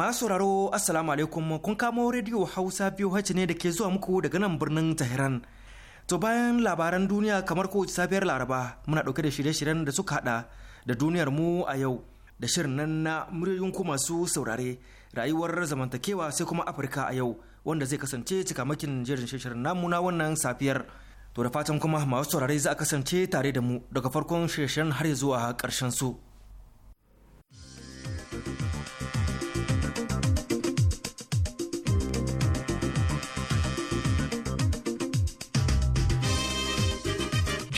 Masu sauraro Assalamu alaikum kun kamo rediyo Hausa biyu hace ne da ke zuwa muku daga nan birnin Tehran. To bayan labaran duniya kamar kowace safiyar Laraba muna dauke da shirye-shiryen da suka hada da duniyar mu a yau da shirin nan na muryoyin ku masu saurare rayuwar zamantakewa sai kuma Afirka a yau wanda zai kasance cikamakin jerin shirin namu na wannan safiyar. To da fatan kuma masu saurare za a kasance tare da mu daga farkon shirye-shiryen har zuwa ƙarshen su.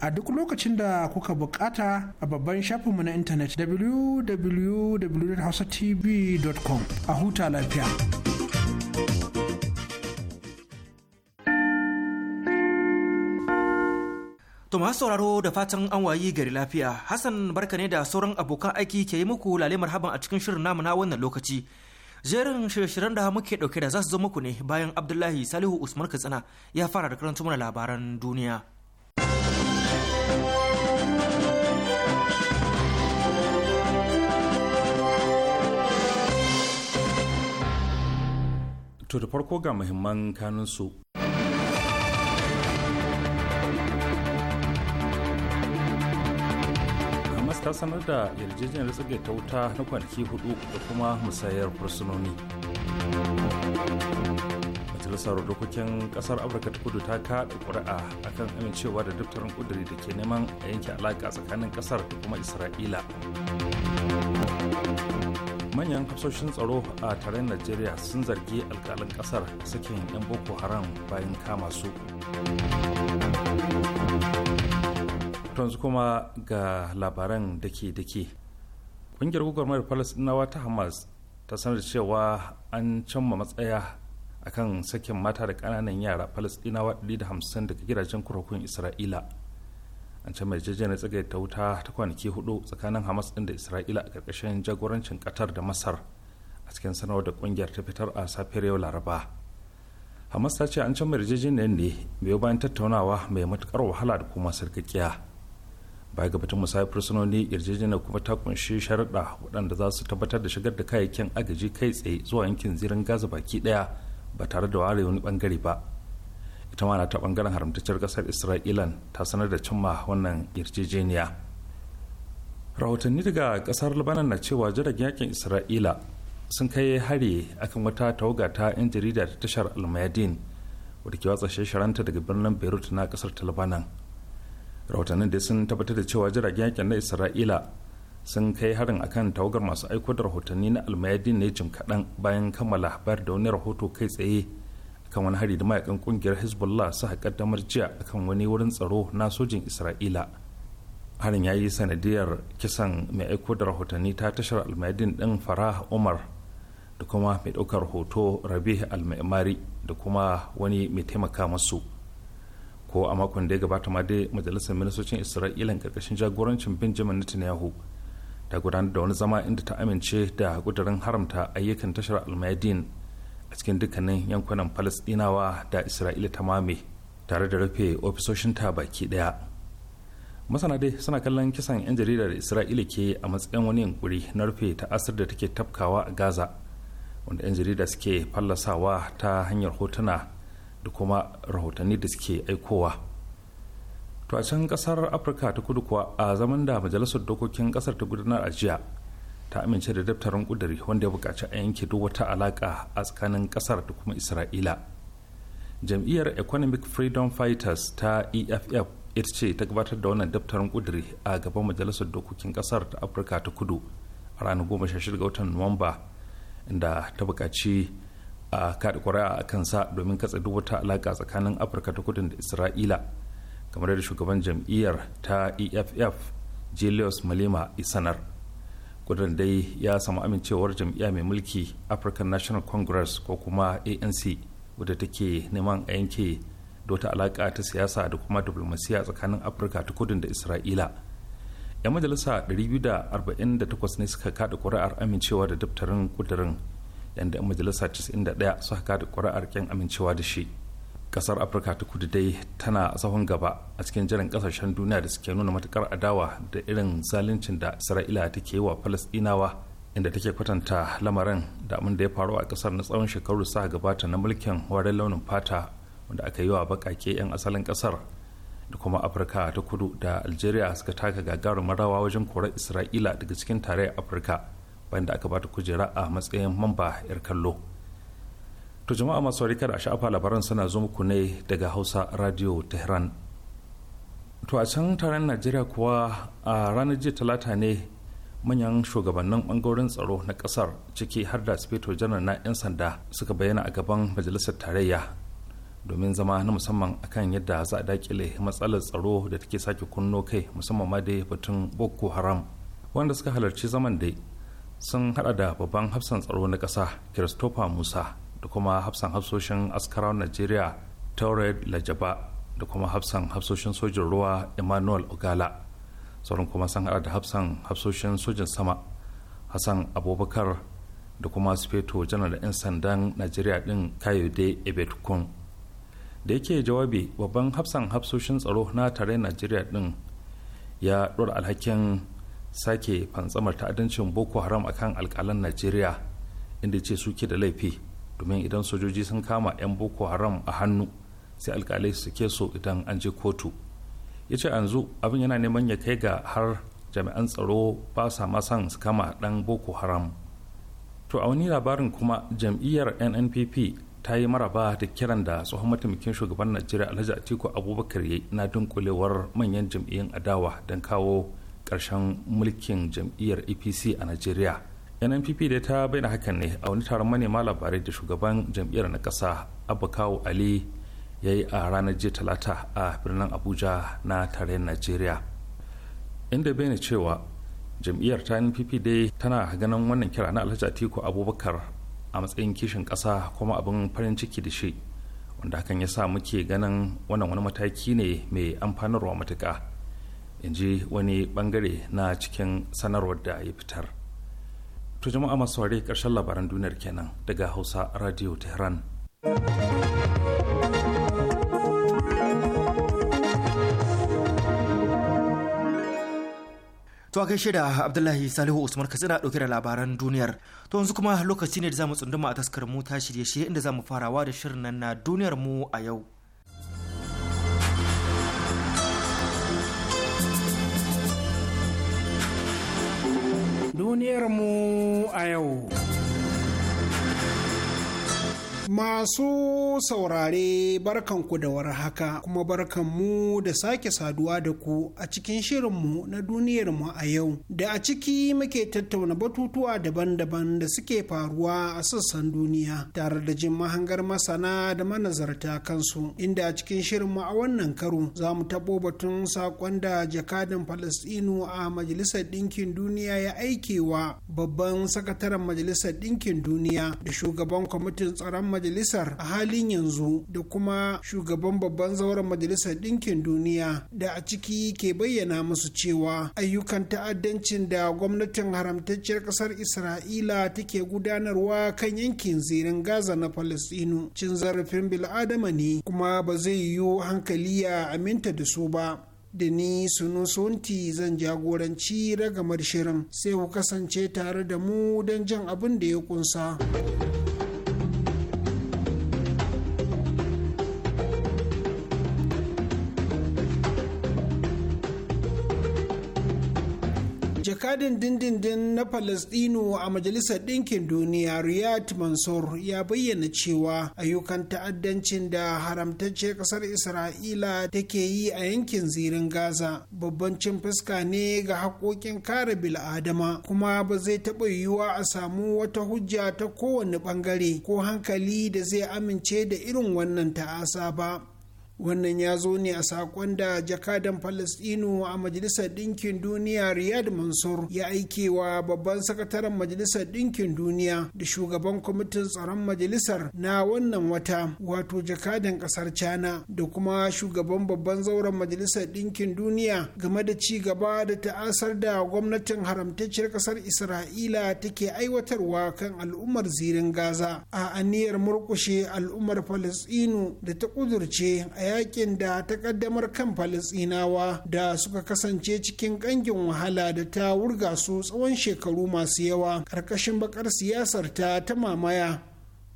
a duk lokacin da kuka bukata a babban shafinmu na intanet www.hausatv.com a huta lafiya. To masu sauraro da fatan an wayi gari lafiya, Hassan barka ne da sauran abokan aiki ke yi muku lale marhaban a cikin shirin namu wannan lokaci. Jerin shirye-shiryen da muke dauke da za su zo muku ne bayan Abdullahi Salihu Usman Katsina ya fara da karanta mana labaran duniya. To da farko ga muhimman kanunsu. Hamas ta sanar da yarjejeniyar tsage ta wuta na kwanaki hudu da kuma musayar fursunoni. Majalisar dokokin kasar Afirka ta kudu ta kaɗa ƙuri'a akan amincewa da daftarin ƙuduri da ke neman a yanke alaƙa tsakanin kasar da kuma Isra'ila. manyan hasoshin tsaro a tare najeriya sun zargi alkalin kasar sakin 'yan boko haram bayan kama su yanzu kuma ga labaran dake-dake ƙungiyar gwagwarmayar falasɗinawa ta hamas ta sanar cewa an cimma matsaya akan sakin mata da ƙananan yara falasɗinawa 150 daga gidajen kurakun isra'ila an ce mai jejjena tsagai ta wuta ta kwanaki hudu tsakanin hamas din da isra'ila a ƙarƙashin jagorancin qatar da masar a cikin sanarwar da kungiyar ta fitar a safiyar yau laraba hamas ta ce an can yarjejeniyar ne bai bayan tattaunawa mai matukar wahala da kuma sarkakiya baya ga batun musayar fursunoni yarjejeniyar kuma ta kunshi sharaɗa waɗanda za su tabbatar da shigar da kayayyakin agaji kai tsaye zuwa yankin zirin gaza baki ɗaya ba tare da ware wani bangare ba ita ma ta bangaren haramtacciyar kasar isra'ila ta sanar da cimma wannan yarjejeniya rahotanni daga kasar libanan na cewa jiragen yakin isra'ila sun kai hari akan wata tawaga ta 'yan jarida ta tashar almayadin wadda ke watsa shiranta daga birnin beirut na kasar ta libanan rahotannin da sun tabbatar da cewa jiragen yakin na isra'ila sun kai harin akan tawagar masu aiko da rahotanni na almayadin ne jim kaɗan bayan kammala bayar da wani rahoto kai tsaye akan wani hari da mayakan kungiyar hezbollah su kaddamar jiya akan wani wurin tsaro na sojin isra'ila harin ya yi sanadiyar kisan mai aiko da rahotanni ta tashar almadin din farah umar da kuma mai ɗaukar hoto rabi almaimari da kuma wani mai taimaka masu ko a makon da ya gabata ma dai majalisar ministocin isra'ila karkashin jagorancin benjamin netanyahu ta gudanar da wani zama inda ta amince da kudurin haramta ayyukan tashar almadin a cikin dukkanin yankunan falasdinawa da isra'ila ta mame tare da rufe ofisoshin ta baki daya masana dai suna kallon kisan 'yan jaridar isra'ila ke a matsayin wani yankuri na rufe ta asir da take tafkawa a gaza wanda 'yan jarida suke fallasawa ta hanyar hotuna da kuma rahotanni da suke aikowa to a can kasar afirka ta kudu kuwa a zaman da majalisar dokokin kasar ta gudanar a jiya ta amince da daftarin kuduri wanda ya bukaci a yanke duk wata alaƙa a tsakanin ƙasar da kuma isra'ila jam'iyyar economic freedom fighters ta eff ita ce ta gabatar da wannan daftarin kudiri a gaban majalisar dokokin ƙasar ta afirka ta kudu a ranar 16 ga watan nuwamba inda ta bukaci a kaɗa ƙuri'a a kansa domin katse duk wata alaka tsakanin afirka ta kudu da isra'ila kamar da shugaban jam'iyyar ta eff julius malema isanar gudun dai ya samu amincewar jam'iyya mai mulki african national congress ko kuma anc wadda take neman a yanke da wata alaƙa ta siyasa da kuma diplomasiya tsakanin afirka ta kudin da isra'ila yan majalisa 248 ne suka kada kuri'ar amincewa da daftarin kudurin yadda yan majalisa 91 suka kada kuri'ar kyan amincewa da shi kasar afirka ta kudu dai tana sahun gaba a cikin jiran kasashen duniya da suke nuna matukar adawa da irin zaluncin da isra'ila take yi wa falasdinawa inda take kwatanta lamarin da abin da ya faru a kasar na tsawon shekaru sa gabata na mulkin warin launin fata wanda aka yi wa bakake 'yan asalin kasar da kuma afirka ta kudu da algeria suka taka gagarumin rawa wajen korar isra'ila daga cikin tarayyar afirka bayan da aka bata kujera a matsayin mamba 'yar kallo to jama'a masu kada a sha'afa labaran suna zo muku ne daga hausa radio tehran to a can taron najeriya kuwa a ranar jiya talata ne manyan shugabannin bangaren tsaro na kasar ciki har da sufeto janar na 'yan sanda suka bayyana a gaban majalisar tarayya domin zama na musamman akan yadda za a dakile matsalar tsaro da take sake kunno kai musamman ma dai batun boko haram wanda suka halarci zaman dai sun hada da babban hafsan tsaro na kasa christopher musa da kuma hafsan hafsoshin askarar najeriya taured lajaba da kuma hafsan hafsoshin sojin ruwa emmanuel ogala sauran kuma sun hada da hafsan hafsoshin sojin sama hassan abubakar da kuma sufeto janar da 'yan sandan najeriya din kayode ebetukun da yake jawabi babban hafsan hafsoshin tsaro na tare najeriya din ya ɗora alhakin sake fantsamar ta'adancin boko haram akan alkalan najeriya inda ce suke da laifi domin idan sojoji sun kama 'yan boko haram a hannu sai alkalai su ke so idan an je kotu ya ce yanzu abin yana neman ya kai ga har jami'an tsaro ba sa masan su kama dan boko haram to a wani labarin kuma jam'iyyar nnpp ta yi maraba da kiran da tsohon mataimakin shugaban najeriya alhaji atiku abubakar ya na dunkulewar manyan jam'iyyun adawa don kawo ƙarshen mulkin jam'iyyar apc a najeriya nnpp da ta bayyana hakan ne a wani taron manema labarai da shugaban jam'iyyar na ƙasa abakawo ali ya yi a ranar jiya talata a birnin abuja na tarayyar najeriya inda bayyana cewa jam'iyyar ta nnpp dai tana ganin wannan kira na alhaji atiku abubakar a matsayin kishin ƙasa kuma abin farin ciki da shi wanda hakan ya sa muke ganin wannan wani mataki ne mai amfanarwa matuƙa in ji wani bangare na cikin sanarwar da ya fitar to jama'a masu ware karshen labaran duniyar kenan daga hausa radio tehran To kai shida Abdullahi Salihu Usman Katsina dauke da labaran duniyar. To yanzu kuma lokaci ne da zamu tsunduma a taskar mu ta shirye-shirye inda zamu farawa da shirin nan na duniyar mu a yau. duniyarmu a yau. Masu saurare barkanku da haka kuma barkanmu da sake saduwa da ku a cikin shirin mu na duniyarmu a yau da a ciki muke tattauna batutuwa daban-daban da suke faruwa a sassan duniya tare da jin mahangar masana da manazarta kansu inda a cikin mu a wannan karo za mu taɓo batun saƙon da jakadan Falasɗinu a Majalisar Ɗinkin Duniya ya aikewa babban sakataren Majalisar Ɗinkin Duniya da shugaban kwamitin tsaron majalisar a halin yanzu da kuma shugaban babban zauren majalisar ɗinkin duniya da a ciki ke bayyana musu cewa ayyukan ta'addancin da gwamnatin haramtacciyar ƙasar isra'ila take gudanarwa kan yankin zirin gaza na palestinu cin zarafin bil'adama ne kuma ba zai yiwu hankali ya aminta da su ba da ni sunu Sunti zan jagoranci ragamar shirin sai ku kasance tare da mu don jan abin da ya kunsa. jakadin dindindin na Falasɗinu a Majalisar Ɗinkin Duniya Riyad Mansur ya bayyana cewa ayyukan ta'addancin da haramtacce ƙasar Isra'ila take yi a yankin zirin Gaza babban cin fuska ne ga haƙoƙin kare bil'adama kuma ba zai taɓa yiwuwa a samu wata hujja ta kowane ɓangare ko hankali da zai amince da irin wannan ta'asa ba. wannan ya zo ne a sakon da jakadan palestino a majalisar ɗinkin duniya riyad mansur ya aike wa babban sakataren majalisar ɗinkin duniya da shugaban kwamitin tsaron majalisar na wannan wata wato jakadan ƙasar Cana da kuma shugaban babban zauren majalisar ɗinkin duniya game da ci gaba da ta'asar da gwamnatin haramtacciyar ƙasar isra'ila take aiwatarwa kan al'ummar zirin gaza a aniyar murƙushe al'ummar Falasɗinu da ta ƙudurce a yakin da ta kaddamar kan falisinawa da suka kasance cikin ƙangin wahala da ta wurga su tsawon shekaru masu yawa karkashin bakar siyasar ta ta mamaya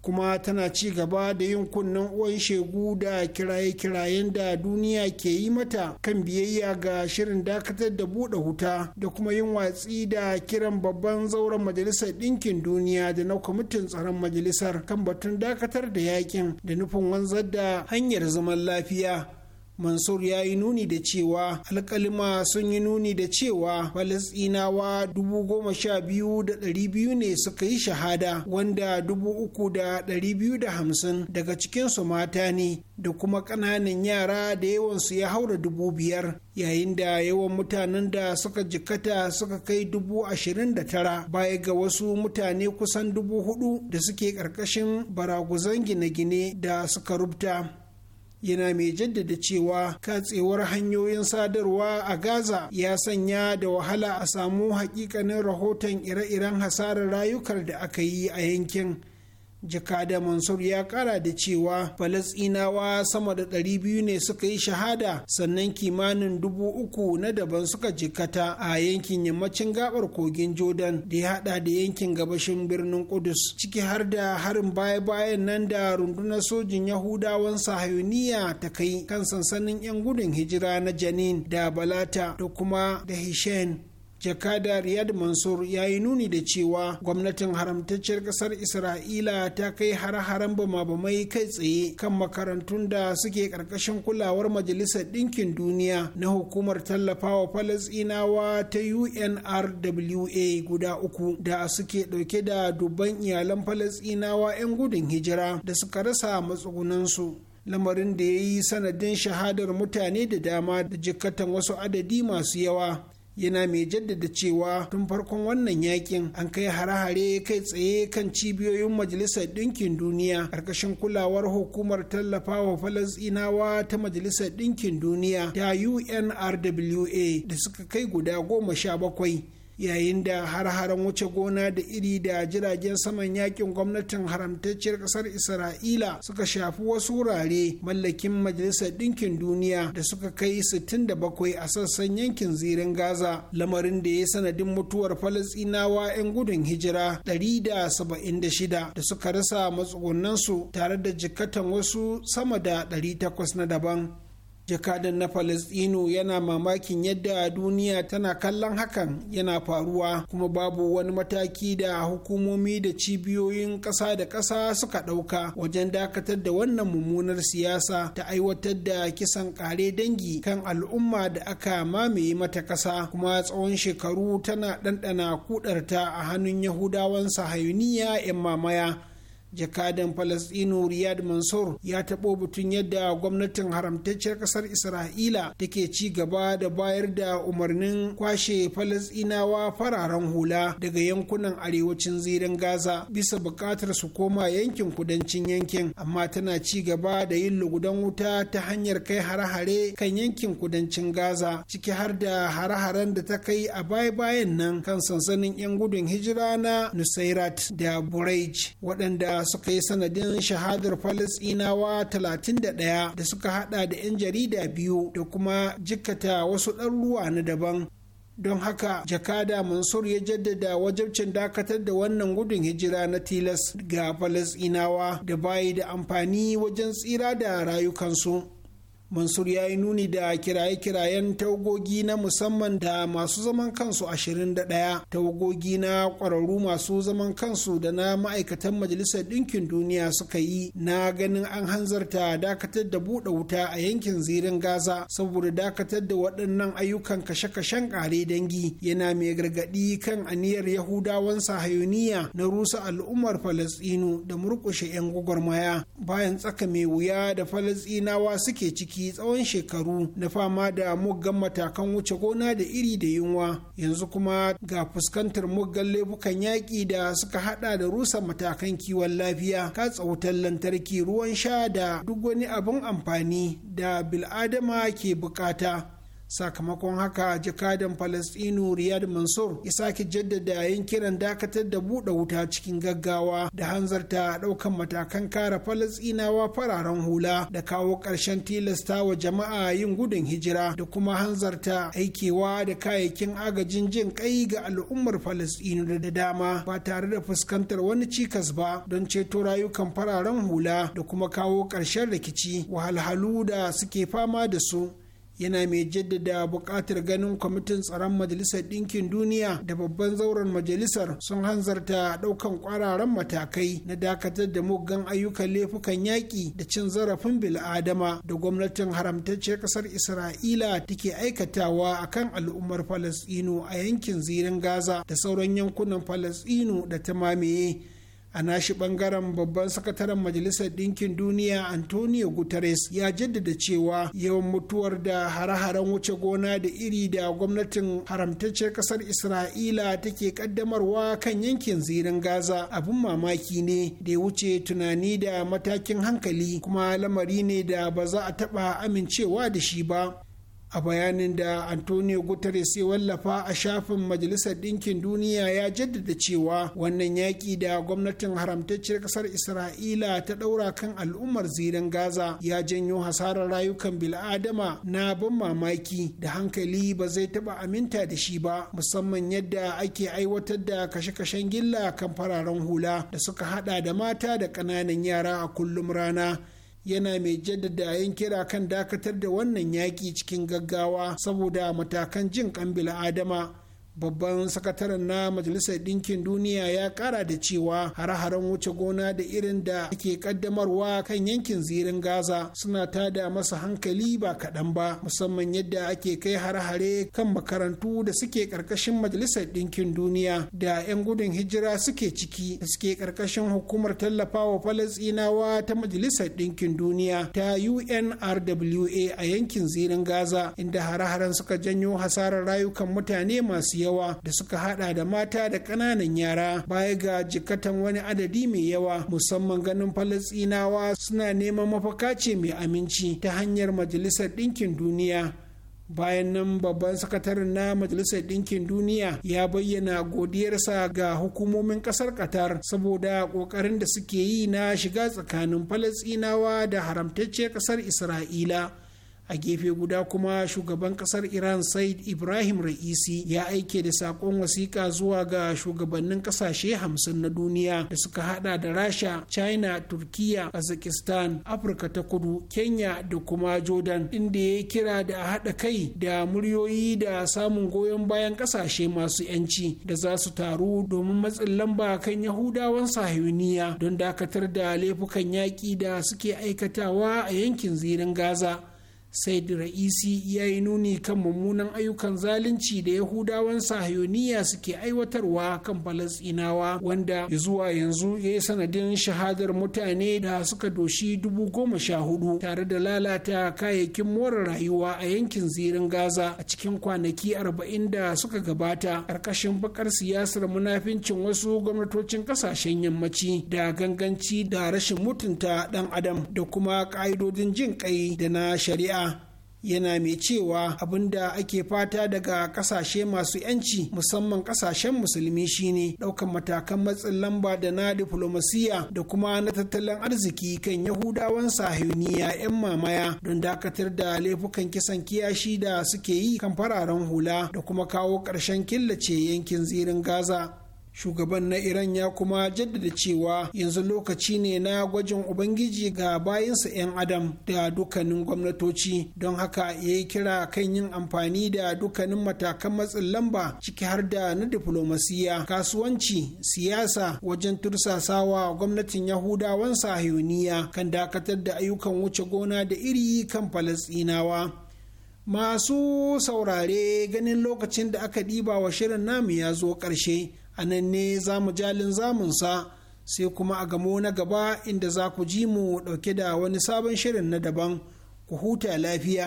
kuma tana ci gaba da yin kunnen uwan shegu da kiraye-kirayen da duniya ke yi mata kan biyayya ga shirin dakatar da buɗe huta da kuma yin watsi da kiran babban zauren majalisar ɗinkin duniya da na kwamitin tsaron majalisar kan batun dakatar da yakin da nufin wanzar da hanyar zaman lafiya mansur ya yi nuni da cewa alkalima sun yi nuni da cewa Falasinawa dubu goma sha biyu da ɗari biyu ne suka yi shahada wanda dubu uku da ɗari biyu da hamsin daga cikinsu mata ne da kuma ƙananan yara da yawansu ya haura dubu biyar yayin da yawan mutanen da suka jikata suka kai dubu ashirin da tara baya ga wasu mutane kusan dubu hudu da suke ƙarƙashin baraguzan gine-gine da suka rubuta. yana mai jaddada cewa katsewar hanyoyin sadarwa a gaza ya sanya da wahala a samu hakikanin rahoton ire-iren hasarar rayukar da aka yi a yankin jakada mansur ya kara da cewa falasinawa sama da 200 ne suka yi shahada sannan kimanin dubu uku na daban suka jikata a yankin yammacin gabar kogin jordan da ya hada da yankin gabashin birnin kudus ciki har da harin baya-bayan nan da rundunar sojin yahudawan sahayuniya ta kai kan sansanin 'yan gudun hijira na janin da balata da kuma da hishen jakada riyad mansur ya yi nuni da cewa gwamnatin haramtacciyar kasar isra'ila ta kai har haren bama-bamai kai tsaye kan makarantun da suke karkashin kulawar majalisar ɗinkin duniya na hukumar tallafawa falasinawa ta unrwa guda uku da suke ɗauke da dubban iyalan falasinawa 'yan gudun hijira da suka rasa matsugunansu lamarin da ya yi sanadin shahadar mutane da dama da jikkatan wasu adadi masu yawa yana mai jaddada cewa tun farkon wannan yakin an kai hare-hare kai tsaye kan cibiyoyin majalisar ɗinkin duniya ƙarƙashin kulawar hukumar tallafawa falasɗinawa ta majalisar ɗinkin duniya ta unrwa da suka kai guda goma sha bakwai yayin da har-haren wuce gona da iri da jiragen saman yakin gwamnatin haramtacciyar kasar isra'ila suka shafi wasu wurare mallakin majalisar ɗinkin duniya da suka kai 67 a sassan yankin zirin gaza lamarin da ya sanadin mutuwar falasinawa 'yan gudun hijira 176 da suka rasa matsugunansu tare da jikatan wasu sama da 800 na daban jakadan na palestino yana mamakin yadda duniya tana kallon hakan yana faruwa kuma babu wani mataki da hukumomi da cibiyoyin ƙasa da ƙasa suka ɗauka wajen dakatar da wannan mummunar siyasa ta aiwatar da kisan ƙare dangi kan al'umma da aka mamaye mata ƙasa kuma tsawon shekaru tana ɗanɗana kudarta a hannun yahudawan sahayuniya 'yan mamaya jakadan falastinu riyad mansur ya taɓo batun yadda gwamnatin haramtacciyar ƙasar isra'ila take ci gaba da bayar da umarnin kwashe falastinawa fararen hula daga yankunan arewacin zirin gaza bisa buƙatar su koma yankin kudancin yankin amma tana ci gaba da yin lugudan wuta ta hanyar kai hare-hare kan yankin kudancin gaza ciki har da hare-haren da ta kai a baya-bayan nan kan sansanin 'yan gudun hijira na nusairat da burej waɗanda da suka yi sanadin shahadar falasinawa 31 da suka hada da 'yan jarida biyu da kuma jikkata wasu ɗaruruwa na daban don haka jakada mansur ya jaddada wajabcin dakatar da wannan gudun hijira na tilas ga falasinawa da bayi da amfani wajen tsira da rayukansu mansur ya yi nuni da kiraye-kirayen tawagogi na musamman da masu zaman kansu 21 tawagogi na kwararru masu zaman kansu da na ma'aikatan majalisar ɗinkin duniya suka yi na ganin an hanzarta dakatar da buɗe wuta a yankin zirin gaza saboda dakatar da waɗannan ayyukan kashe-kashen ƙare dangi yana mai gargaɗi kan aniyar yahudawan sahayuniya na rusa al'ummar falasɗinu da murƙushe 'yan gwagwarmaya bayan tsaka mai wuya da falasɗinawa suke ciki ciki tsawon shekaru na fama da muggan matakan wuce gona da iri da yunwa yanzu kuma ga fuskantar muggan laifukan yaƙi da suka hada da rusa matakan kiwon lafiya katsa wutar lantarki ruwan sha da duk wani abin amfani da bil'adama ke bukata sakamakon haka jakadan Falasɗinu riyad mansur ya sake jaddada yin kiran dakatar da buɗe wuta cikin gaggawa da hanzarta ɗaukan matakan kare palestinawa fararen hula da kawo ƙarshen tilasta wa jama'a yin gudun hijira da kuma hanzarta aikewa da kayayyakin agajin jin ƙai ga al'ummar falastinu da dama ba tare da fuskantar wani cikas ba don ceto rayukan fararen hula da kuma kawo ƙarshen rikici wahalhalu da suke fama da su yana mai jaddada buƙatar ganin kwamitin tsaron majalisar ɗinkin duniya da babban zauren majalisar sun hanzarta ɗaukan ƙwararan matakai na dakatar da muggan ayyukan laifukan yaƙi da cin zarafin bil'adama da gwamnatin haramtacciyar ƙasar isra'ila take aikatawa a kan al'ummar falasɗinu a yankin zirin gaza da sauran yankunan falasɗinu da ta mamaye a nashi bangaren babban sakataren majalisar ɗinkin duniya antonio guterres ya jaddada cewa yawan mutuwar da hare-haren wuce gona da iri da gwamnatin haramtacciyar ƙasar isra'ila take ƙaddamarwa kan yankin zirin gaza abin mamaki ne da ya wuce tunani da matakin hankali kuma lamari ne da ba za a taɓa amincewa da shi ba a bayanin da antonio guterres ya wallafa a shafin majalisar ɗinkin duniya ya jaddada cewa wannan yaƙi da gwamnatin haramtacciyar ƙasar isra'ila ta ɗaura kan al'ummar zirin gaza ya janyo hasarar rayukan bil'adama na ban mamaki da hankali ba zai taɓa aminta da shi ba musamman yadda ake aiwatar da kashe-kashen gilla kan fararen hula da suka haɗa da mata da ƙananan yara a kullum rana yana mai jaddada yin kira kan dakatar da wannan yaƙi cikin gaggawa saboda matakan jin kan bil'adama babban sakataren na majalisar ɗinkin duniya ya ƙara da cewa hare-haren wuce gona da irin da ake ƙaddamarwa kan yankin zirin gaza suna tada masa hankali ba kaɗan ba musamman yadda ake kai hare-hare kan makarantu da suke ƙarƙashin majalisar ɗinkin duniya da 'yan gudun hijira suke ciki da suke ƙarƙashin hukumar tallafawa falastinawa ta majalisar ɗinkin duniya ta unrwa a yankin zirin gaza inda hare-haren suka janyo hasarar rayukan mutane masu yawa da suka hada da mata da ƙananan yara baya ga jikatan wani adadi mai yawa musamman ganin falasinawa suna neman mafaka ce mai aminci ta hanyar majalisar ɗinkin duniya bayan nan babban sakataren na majalisar ɗinkin duniya ya bayyana godiyarsa ga hukumomin ƙasar qatar saboda ƙoƙarin da suke yi na shiga tsakanin falasinawa da haramtacce ƙasar isra'ila a gefe guda kuma shugaban kasar iran said ibrahim ra'isi ya aike da sakon wasiƙa zuwa ga shugabannin ƙasashe hamsin na duniya da suka hada da rasha china turkiya kazakistan afirka ta kudu kenya da kuma jordan inda ya kira da a haɗa kai da muryoyi da samun goyon bayan ƙasashe masu yanci da za su taru domin matsin lamba kan yahudawan sahuniya don dakatar da laifukan yaƙi da suke aikatawa a yankin zirin gaza said ra'isi ya yi nuni kan mummunan ayyukan zalunci da yahudawan sahayoniya suke aiwatarwa kan falasinawa wanda zuwa yanzu ya yi sanadin shahadar mutane da suka doshi dubu goma sha hudu tare da lalata kayayyakin more rayuwa a yankin zirin gaza a cikin kwanaki arba'in da suka gabata ƙarƙashin bakar siyasar munafincin wasu gwamnatocin ƙasashen yammaci da ganganci da rashin mutunta ɗan adam da kuma ƙa'idodin jin ƙai da na shari'a yana mai cewa abin da ake fata daga kasashe masu yanci musamman kasashen musulmi shine ɗaukan matakan matsin lamba da na diflomasiya da kuma na tattalin arziki kan yahudawan sahiyuniya 'yan mamaya don dakatar da laifukan kisan kiyashi da suke yi kan fararen hula da kuma kawo ƙarshen killace yankin zirin gaza shugaban na iran ya kuma jaddada cewa yanzu lokaci ne na gwajin ubangiji ga bayansa 'yan adam da dukkanin gwamnatoci don haka ya yi kira kan yin amfani da dukkanin matakan matsin lamba ciki har da na diflomasiya kasuwanci siyasa wajen tursasawa gwamnatin yahudawan sahiyoniya kan dakatar da ayyukan wuce gona da iri kan Falasinawa. masu saurare ganin lokacin da aka ɗiba wa shirin namu ya zo ƙarshe a nan ne za mu jalin zamunsa sai kuma a gamo na gaba inda za ku ji mu ɗauke da wani sabon shirin na daban ku huta lafiya.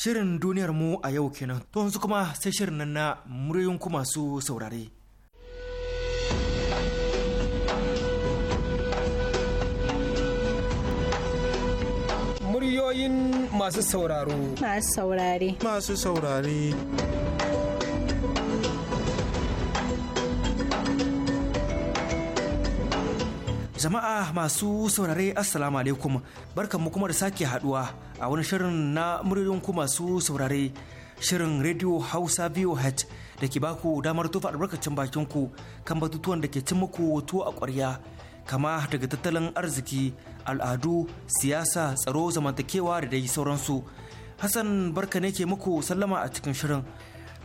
Shirin duniyar mu a yau kenan, to yanzu kuma sai shirin nan na muryoyin masu saurare. ra'ayoyin masu sauraro. Masu saurare. Masu saurare. Jama'a masu saurare Assalamu alaikum barkanmu kuma da sake haduwa a wani shirin na muryoyin masu saurare shirin Radio Hausa VOH da ke baku damar tufa albarkacin bakin ku kan batutuwan da ke cin muku tuwo a kwarya kama daga tattalin arziki al'adu siyasa tsaro zamantakewa da dai sauransu hassan barka ne ke muku sallama a cikin shirin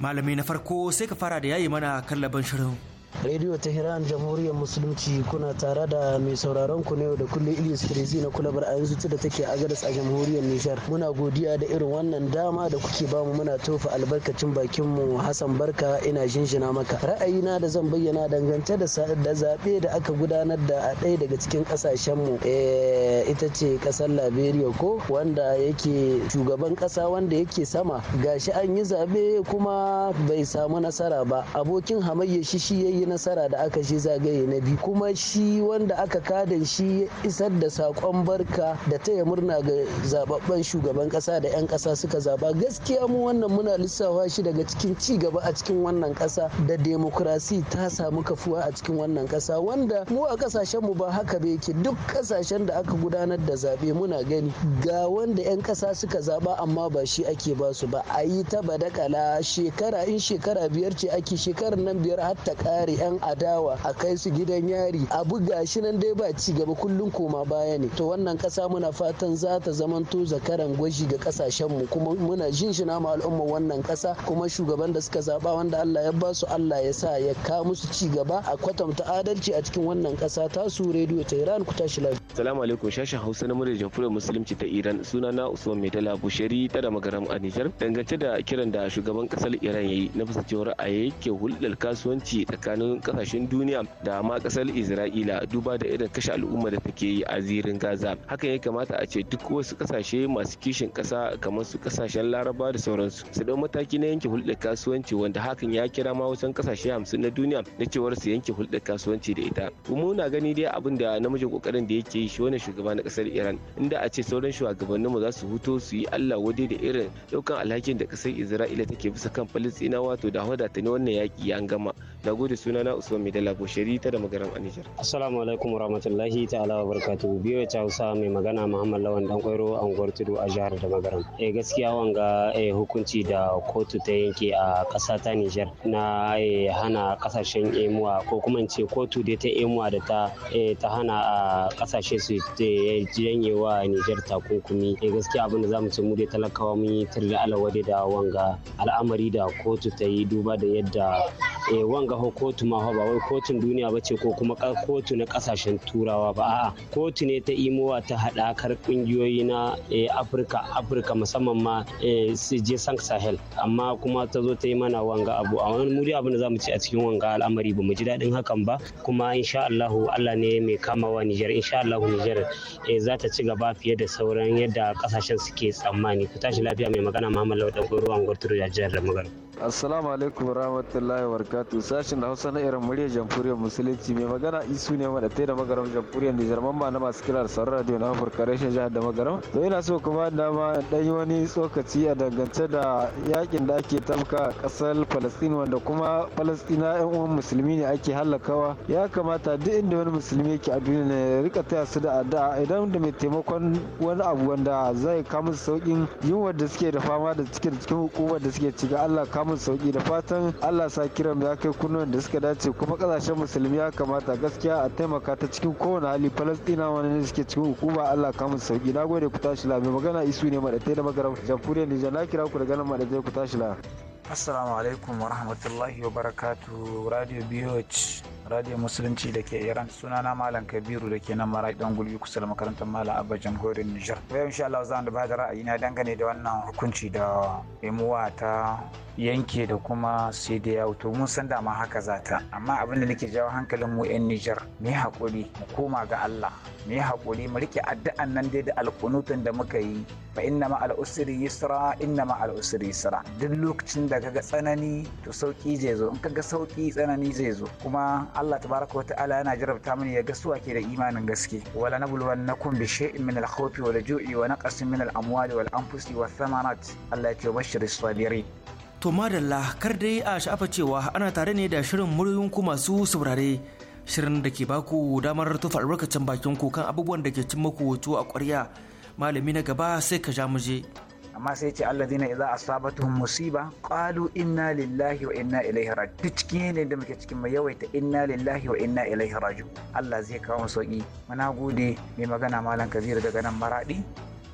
malami na farko sai ka fara da yayi mana kallaban shirin Radio Tehran Jamhuriyar Musulunci kuna tare da mai sauraron ku ne da kullum Ilyas Firizi na kulabar a yanzu da take Agadas a Jamhuriyar Nijar. Muna godiya da irin wannan dama da kuke bamu muna tofa albarkacin bakin mu Hassan Barka ina jinjina maka. Ra'ayina da zan bayyana dangance da da zabe da aka gudanar da a ɗaya daga cikin ƙasashen mu eh, ita ce ƙasar Liberia ko wanda yake shugaban ƙasa wanda yake sama gashi an yi zabe kuma bai samu nasara ba abokin hamayya shi shi yayi nasara da aka shi zagaye na biyu kuma shi wanda aka kadan shi isar da sakon barka da taya murna ga zababben shugaban ƙasa da 'yan ƙasa suka zaba gaskiya mu wannan muna lissafa shi daga cikin ci gaba a cikin wannan kasa da demokrasi ta samu kafuwa a cikin wannan kasa wanda mu a ƙasashen mu ba haka ba yake duk kasashen da aka gudanar da zaɓe muna gani ga wanda 'yan kasa suka zaba amma ba shi ake ba su ba a yi ta badakala shekara in shekara biyar ce ake shekarar nan biyar har ta ƙare. 'yan adawa a kai su gidan yari a buga shi nan dai ba ci gaba kullum koma baya ne to wannan kasa muna fatan za ta zamanto zakaran gwaji ga ƙasashenmu mu kuma muna jin shi na al'umma wannan kasa kuma shugaban da suka zaba wanda Allah ya ba su Allah ya sa ya ka musu ci gaba a kwatanta adalci a cikin wannan ƙasa tasu rediyo ta Iran ku tashi lafiya Assalamu alaikum sashen Hausa na muryar fulo Musulunci ta Iran suna na Usman Maidala Bushari ta da magaram a Nijar dangance da kiran da shugaban kasar Iran yayi na fasa ra'ayi a yake hulɗar kasuwanci tsakanin tsakanin kasashen duniya da ma kasar isra'ila duba da irin kashe al'umma da take yi a zirin gaza hakan ya kamata a ce duk wasu kasashe masu kishin kasa kamar su kasashen laraba da sauransu su dau mataki na yanke hulɗar kasuwanci wanda hakan ya kira ma wasan kasashe hamsin na duniya na cewar su yanke hulɗar kasuwanci da ita kuma muna gani dai abin da namijin kokarin da yake yi shi wannan shugaba na kasar iran inda a ce sauran shugabannin mu za su huto su yi allah wade da irin daukan alhakin da kasar isra'ila take bisa kan falastinawa to da hoda ta ne wannan yaki ya gama da gode suna na usman mai dala ta da magaran anijar assalamu alaikum warahmatullahi ta'ala wa biyo ta hausa mai magana muhammad lawan dan kwairo unguwar tudu a jihar da magaran eh gaskiya wanga eh hukunci da kotu ta yanke a kasa ta nijar na eh, hana kasashen emuwa ko kuma in ce kotu dai ta emuwa da ta eh, ta hana a kasashe su eh, janye wa nijar takunkumi eh gaskiya abin da zamu ce mu dai talakawa mun yi tirda alawade da wanga al'amari da kotu ta yi duba da yadda wanga ga kotu ma ba wai kotun duniya ba ce ko kuma kotu na kasashen turawa ba a'a kotu ne ta imowa ta hadakar ƙungiyoyi na eh, afirka afirka musamman ma eh, su je sank sahel amma kuma ta zo ta yi mana wanga abu a wani muri abin da za mu ci a cikin wanga al'amari ba mu ji daɗin hakan ba kuma insha allahu allah ne mai kamawa nijar insha allahu nijar eh, za ta ci gaba fiye da sauran yadda kasashen suke tsammani ku tashi lafiya mai magana muhammad lauɗan ruwan gwarturu da jihar da magana. Assalamu alaikum wa wabarakatuh. Sashin da Hausa na irin murya Jamhuriyar Musulunci mai magana isu ne wanda tai da magaram Jamhuriyar Nijar mamba na masu kirar sauran radio na Afirka reshen jihar da magaram. To ina so kuma da ma dan wani tsokaci a dangance da yakin da ake tamka ƙasar Palestine wanda kuma Palestina yan uwan musulmi ne ake hallakawa Ya kamata duk inda wani musulmi yake a duniya ne rika taya su da addu'a idan da mai taimakon wani abu wanda zai kawo musu saukin yunwar da suke da fama da cikin cikin hukumar da suke ciki Allah ka samun sauki da fatan Allah sa kiran ya kai kunnuwan da suka dace kuma kasashen musulmi ya kamata gaskiya a taimaka ta cikin kowane hali Falastina wani ne suke cikin hukuma Allah kamun sauki nagode ku tashi la mai magana isu ne madatai da magaram jamhuriyar Nijar na kira ku da ganin madatai ku tashi la assalamu alaikum wa rahmatullahi wa barakatu radio BH radio musulunci da ke iran sunana malam kabiru da ke nan mara dan gulbi kusa da makarantar malam abba jamhuriyar nijar yau insha Allah zan da ra'ayi, na ra'ayina dangane da wannan hukunci da emuwa ta yanke da kuma sai da yawo mun san dama haka zata amma abin da nake jawo hankalin mu yan Nijar mu hakuri mu koma ga Allah mu yi hakuri mu rike addu'an nan dai da alƙunutun da muka yi fa inna ma al-usri yusra inna ma al-usri yusra duk lokacin da ka ga tsanani to sauki zai zo in ka ga sauki tsanani zai zo kuma Allah tabaraka wa ta'ala yana jarabta mani ya ga su ke da imanin gaske wala nakum bi shay'in min al-khawfi wal ju'i wa naqsin min al-amwali wal anfusi wath thamarat Allah ya ce bashshiris sabirin To madalla kar dai a sha'afa cewa ana tare ne da shirin muryoyin ku masu saurare shirin da ke baku damar tufa albarkacin bakin ku kan abubuwan da ke cin maku a ƙwarya malami na gaba sai ka ja muje. amma sai ce allazina idza asabatuhum musiba qalu inna lillahi wa inna ilaihi raji'un duk cikin yanayin da muke cikin mai yawaita inna lillahi wa inna ilaihi raji'un Allah zai kawo mu sauki muna gode mai magana malam Kabiru daga nan Maradi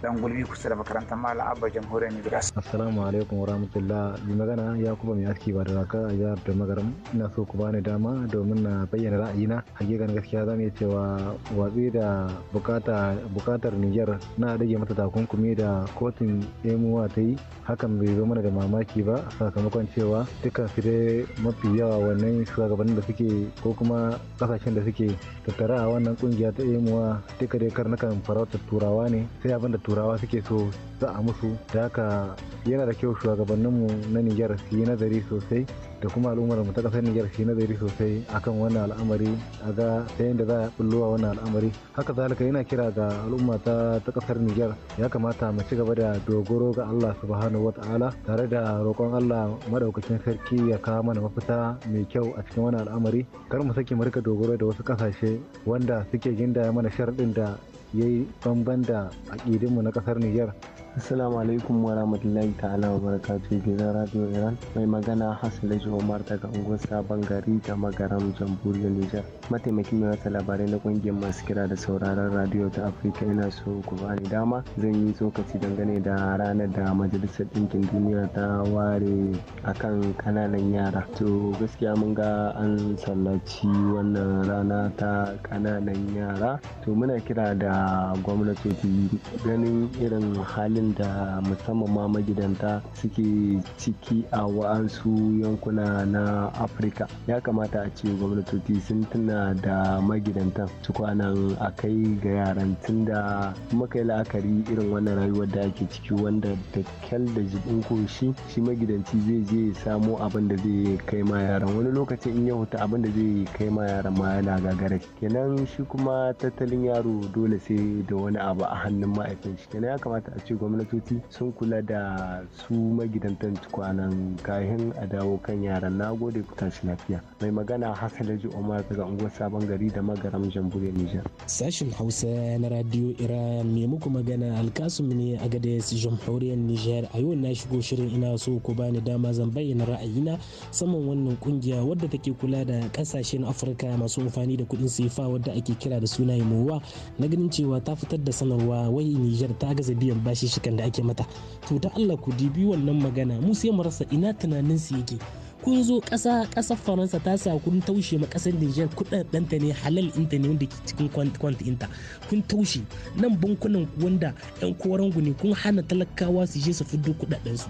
dan gulbi kusa da makarantar malam abba jamhuriyar Nigeria. Assalamu alaikum wa rahmatullah. Mai magana ya kuma mai aski ba da raka a jihar da magaram. Ina so ku bani dama domin na bayyana ra'ayina. Hakikan gaskiya zan iya cewa watsi da bukatar Niger na rage mata takunkumi da kotun emuwa ta yi. Hakan bai zo mana da mamaki ba sakamakon cewa dukkan su dai mafi yawa wannan shugabannin da suke ko kuma kasashen da suke tattara a wannan kungiya ta emuwa duka dai karnukan farautar turawa ne sai abin da turawa suke so za a musu da haka yana da kyau shugabanninmu na nijar su yi nazari sosai da kuma al'ummar mu ta kasar Nijar shi nazari sosai akan wannan al'amari a ga ta yadda za a bullowa wannan al'amari haka zalika yana kira ga al'umma ta ta kasar Nijar ya kamata mu ci gaba da dogoro ga Allah subhanahu wata'ala tare da roƙon Allah madaukakin sarki ya kawo mana mafita mai kyau a cikin wannan al'amari kar mu saki mu rika dogoro da wasu kasashe wanda suke gindaya mana sharadin da ya yi bamban da aƙidinmu na ƙasar niger. Assalamu alaikum wa rahmatullahi ta'ala wa barakatuhu gidan Radio Iran mai magana Hassan Umar daga unguwar Sabon Gari da Magaram Jamhuriyar Nijar. Mataimakin mai wata labarai na kungiyar masu kira da sauraron radio ta Afirka ina so ku bani dama zan yi tsokaci dangane da ranar da Majalisar Ɗinkin Duniya ta ware akan kananan yara. To gaskiya mun ga an sallaci wannan rana ta ƙananan yara. To muna kira da gwamnatoci ganin irin halin halin da musamman ma magidanta suke ciki a wa'ansu yankuna na afirka ya kamata a ce gwamnatoci sun tuna da magidantan su kwanan a kai ga yaran tun da muka yi la'akari irin wannan rayuwar da ake ciki wanda da kyal da jibin koshi shi magidanci zai je ya samo abin da zai kai ma yaran wani lokacin in ya huta abin da zai kai ma yaran ma yana gagara kenan shi kuma tattalin yaro dole sai da wani abu a hannun ma'aikacin shi kenan ya kamata a ce gwamnati gwamnatoci sun kula da su magidantan tukwanan kayan a dawo kan yaran na gode ku tashi lafiya mai magana laji omar daga unguwar sabon gari da magaram jamhuriyar nijar sashin hausa na radio iran mai muku magana alkasum ne a gada jamhuriyar nijar a yau na shigo shirin ina so ku bani dama zan bayyana ra'ayina saman wannan kungiya wadda take kula da kasashen afirka masu amfani da kuɗin sifa wadda ake kira da suna mowa na ganin cewa ta fitar da sanarwa wai nijar ta gaza biyan bashi cututtukan da ake mata to da Allah ku dibi wannan magana mu sai mu rasa ina tunanin su yake kun zo ƙasa ƙasar faransa ta sa kun taushe ma ƙasar niger kuɗaɗenta ne halal inta ne wanda ke cikin kwant inta kun taushe nan bankunan wanda yan koren ne kun hana talakawa su je su fiddo su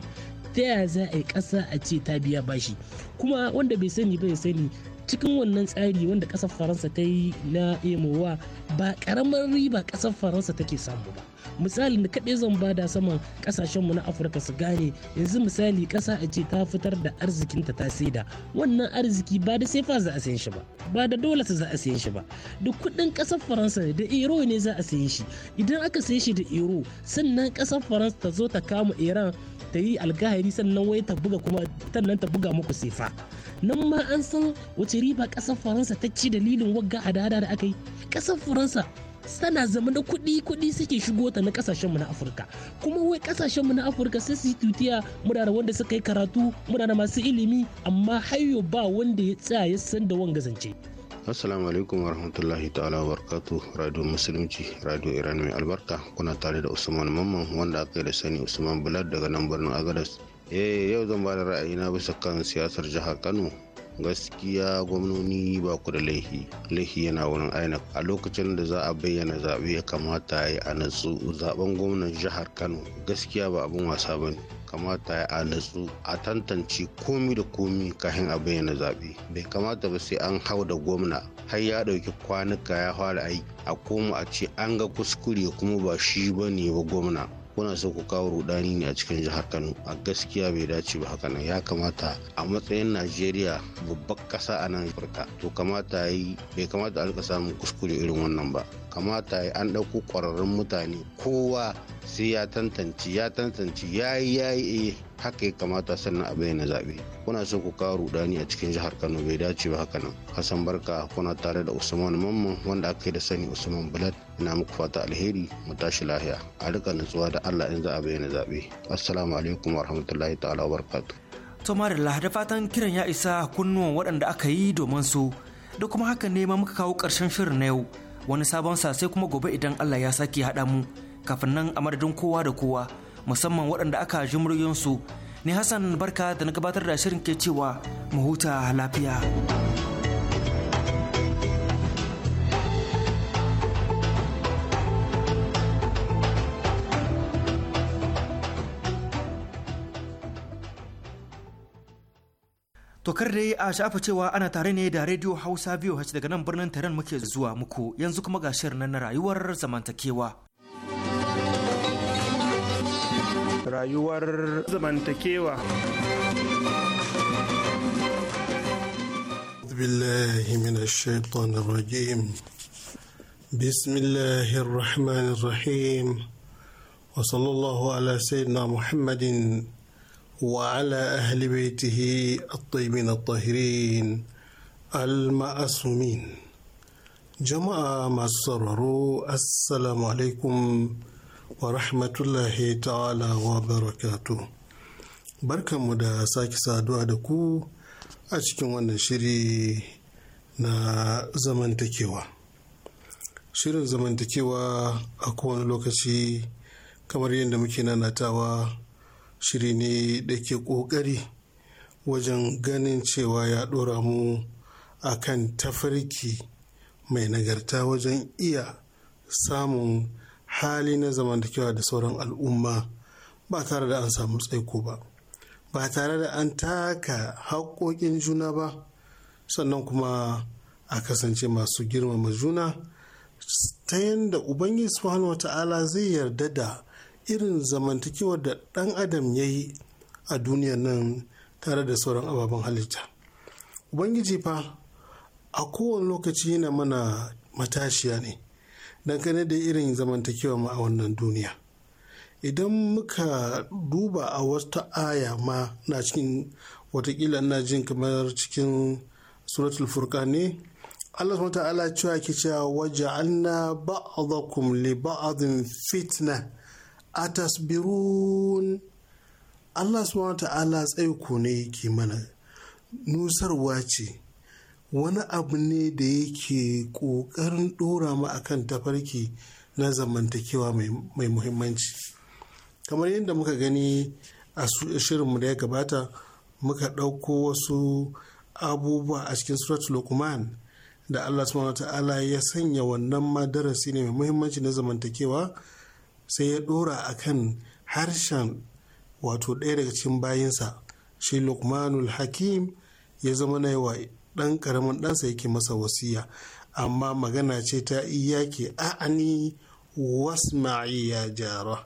ta yaya za a yi ƙasa a ce ta biya bashi kuma wanda bai sani ba ya sani cikin wannan tsari wanda ƙasar faransa ta yi na emowa ba ƙaramar riba ƙasar faransa take samu ba misali da kaɗai zan ba da saman ƙasashenmu na afirka su gane yanzu misali ƙasa a ce ta fitar da arzikinta ta saida wannan arziki ba da sefa za a sayan shi ba ba da dole za a sayan shi ba da kuɗin ƙasar faransa da euro ne za a sayan shi idan aka sayan shi da euro sannan ƙasar faransa ta zo ta kama iran ta yi alkahari sannan wai ta buga kuma tannan ta buga muku sefa nan ma an san wace riba ƙasar faransa ta ci dalilin wagga a dada da aka yi kasar faransa tana zama na kuɗi kuɗi suke shigo ta na kasashenmu na afirka kuma wai kasashenmu na afirka sai su tutiya muna wanda suka yi karatu muna masu ilimi amma hayo ba wanda ya tsaya ya san da wanga zance assalamu alaikum warahmatullahi ta'ala barkatu radio musulunci radio iran mai albarka kuna tare da usman mamman wanda aka yi da sani usman bulat daga nan birnin agadas eh yau zan ba da ra'ayina bisa kan siyasar jihar kano gaskiya gwamnoni ba ku da laihi laihi yana wurin aina a lokacin da za a bayyana zaɓe ya kamata ya yi a natsu zaɓen gwamnan jihar kano gaskiya ba abin wasa ba ne kamata a natsu a tantance komi da komi kafin a bayyana zaɓe bai kamata ba sai an hau da gwamna har ya ɗauki kwanuka ya fara aiki a koma a ce an ga kuskure kuma ba shi ba ne ba gwamna kuna so ku kawo rudani ne a cikin jihar kano a gaskiya bai dace ba haka nan ya kamata a matsayin najeriya babbar ƙasa a nan afirka to kamata yi bai kamata a samun kuskure irin wannan ba kamata an ɗauko ƙwararrun mutane kowa sai ya tantance ya tantance ya yi ya yi eh, haka ya kamata sannan a bayyana zaɓe kuna so ku kawo rudani a cikin jihar kano bai dace ba haka nan hassan barka kuna tare da usman mamman wanda aka yi da sani usman bulat ina muku fata alheri mu tashi lahiya a rika nutsuwa da allah in za a bayyana zaɓe assalamu alaikum warahmatullahi ta'ala wabarakatuh to marilla da fatan kiran ya isa kunnuwan waɗanda aka yi domin su da kuma haka ne ma muka kawo ƙarshen shirin na yau wani sabon sa sai kuma gobe idan Allah ya sake haɗa mu kafin nan a madadin kowa da kowa musamman waɗanda aka ji muryoyinsu ne Hassan barka da na gabatar da shirin ke cewa mu huta lafiya. To kar dai a sha'afa cewa ana tare ne da Radio Hausa VOH daga nan birnin Taran muke zuwa muku yanzu kuma ga shirin na rayuwar zamantakewa. Rayuwar zamantakewa. بالله من الشيطان الرجيم بسم الله الرحمن الرحيم وصلى الله على سيدنا محمد وعلى أهل بيته الطيبين الطاهرين المعصومين جماعة ما سرروا السلام عليكم ورحمة الله تعالى وبركاته بركة مدى ساكي سادوا دكو أشكي ونشري نا زمن تكيوا شيرين زمن تكيوا أكون لوكشي كمرين دمكينا نتاوا shiri ne da ke ƙoƙari wajen ganin cewa ya ɗora mu a kan tafarki mai nagarta wajen iya samun hali na zaman da da sauran al'umma ba tare da an samu tsaiko ba ba tare da an taka haƙoƙin juna ba sannan kuma a kasance masu girmama juna ta yadda ubangiji subhanahu Ta'ala zai yarda da irin zamantakewar da ɗan adam ya yi a duniya nan tare da sauran ababen halitta ubangiji fa a kowane lokaci yana mana matashiya ne dangane da irin zamantakewa ma a wannan duniya idan muka duba a wata aya ma na cikin watakila na jin kamar cikin suratul furqan ne Allah subhanahu ta'ala cewa ke cewa waja'alna ba'dakum li ba'adin fitna atasbirun Allah subhanahu ta'ala tsaiko ne yake mana nusarwa ce wani abu ne da yake ƙoƙarin ɗora mu akan tafarki na zamantakewa mai muhimmanci kamar yadda muka gani a shirinmu da ya gabata muka ɗauko wasu abubuwa a cikin surat lukman da Allah subhanahu ta'ala ya sanya wannan madarasi ne mai muhimmanci na zamantakewa sai ya ɗora a kan harshen wato ɗaya daga cikin bayinsa shi lukmanul hakim ya zama na yawa ɗan ƙaramin ɗansa yake masa wasiya amma magana ce ta iya ke, a'ani wasma'i ya jara